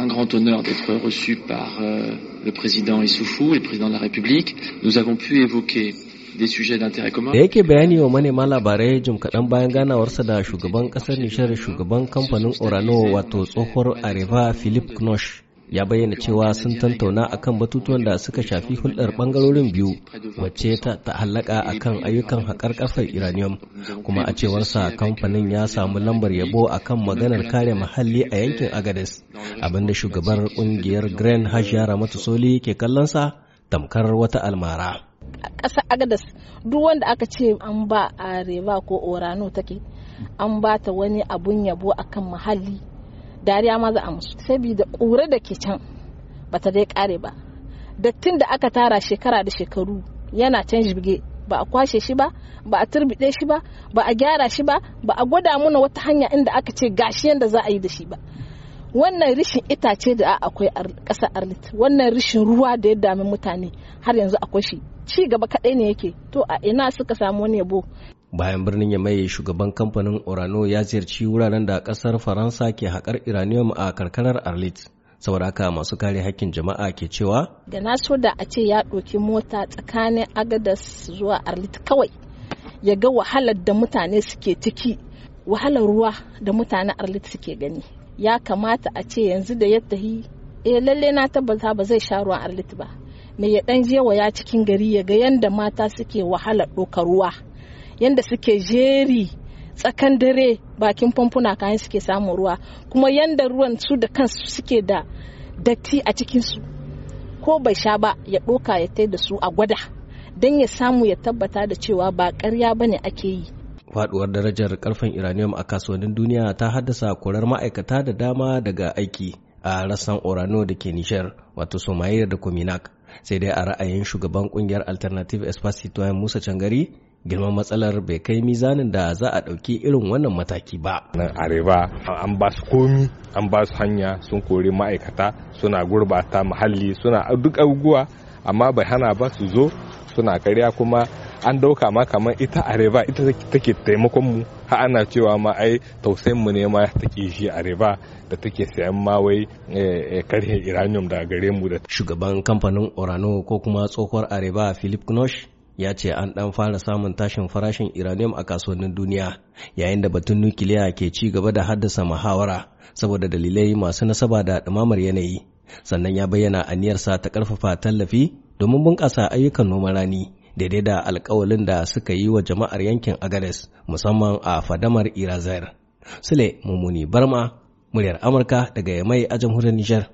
un grand honneur d'être reçu par euh, le président Issoufou et le président de la République. Nous avons pu évoquer des sujets d'intérêt commun. ya bayyana cewa sun tantauna akan batutuwan da suka shafi hulɗar ɓangarorin biyu wacce ta ta'allaka kan ayyukan haƙar ƙafar uranium kuma a cewarsa kamfanin ya samu lambar yabo a kan maganar kare muhalli a yankin agades abinda shugabar ƙungiyar grand hajjara ramatu soli ke kallonsa tamkar wata almara ƙasar agadas duk wanda aka ce an ba a reba ko orano take an ba ta wani abun yabo akan muhalli dariya ma za a musu saboda ƙura da ke can ba ta dai kare ba dattin da aka tara shekara da shekaru yana can jirge ba a kwashe shi ba ba a turbide shi ba ba a gyara shi ba ba a gwada mana wata hanya inda aka ce gashi yanda za a yi da shi ba wannan rishin itace da akwai a ƙasa arlit wannan rishin ruwa da ya dami mutane har yanzu akwai shi ci gaba kaɗai ne yake to a ina suka samu wani yabo bayan birnin ya maye shugaban kamfanin orano ya ziyarci wuraren da ƙasar faransa ke haƙar iranium a karkarar arlit saboda haka masu kare hakkin jama'a ke cewa da na so da a ce ya ɗauki mota tsakanin agadas zuwa arlit kawai ya ga wahalar da mutane suke ciki wahalar ruwa da mutane arlit suke gani ya kamata a ce yanzu da ya hi eh lalle na tabbata ba zai sha ruwan arlit ba me ya ɗan je wa cikin gari ya ga yadda mata suke wahalar ɗaukar ruwa yanda suke jeri tsakan dare bakin famfuna kayan suke samun ruwa kuma yadda ruwan su da kansu suke da datti a cikinsu ko bai sha ba ya ɗoka ya tai da su a gwada don ya samu ya tabbata da cewa ba karya ba ne ake yi faduwar darajar karfin uranium a kasuwannin duniya ta haddasa korar ma'aikata da dama daga aiki a rassan orano da ke nishar wato somalia da kominak sai dai a ra'ayin shugaban kungiyar alternative espace musa cangari girman matsalar bai kai mizanin da za a ɗauki irin wannan mataki ba. Nan Areba an ba su komi, an ba su hanya sun kori ma'aikata suna gurbata muhalli suna duk abubuwa amma bai hana ba su zo suna karya kuma an dauka ma kamar ita Areba ita take taimakon mu ha ana cewa ma ai tausayin mu ne ma take shi Areba da take sayan ma wai eh, eh, karhe iranium daga gare mu da shugaban kamfanin Orano ko kuma tsohuwar Areba Philip Knosh ya ce an ɗan fara samun tashin farashin uranium a kasuwannin duniya yayin da batun nukiliya ke ci gaba da haddasa muhawara saboda dalilai masu nasaba da ɗumamar yanayi sannan ya bayyana aniyarsa ta ƙarfafa tallafi domin bunƙasa ayyukan noman rani daidai da alkawalin da suka yi wa jama'ar yankin agades musamman a fadamar irazair sule mummuni barma muryar amurka daga yamai a jamhuriyar nijar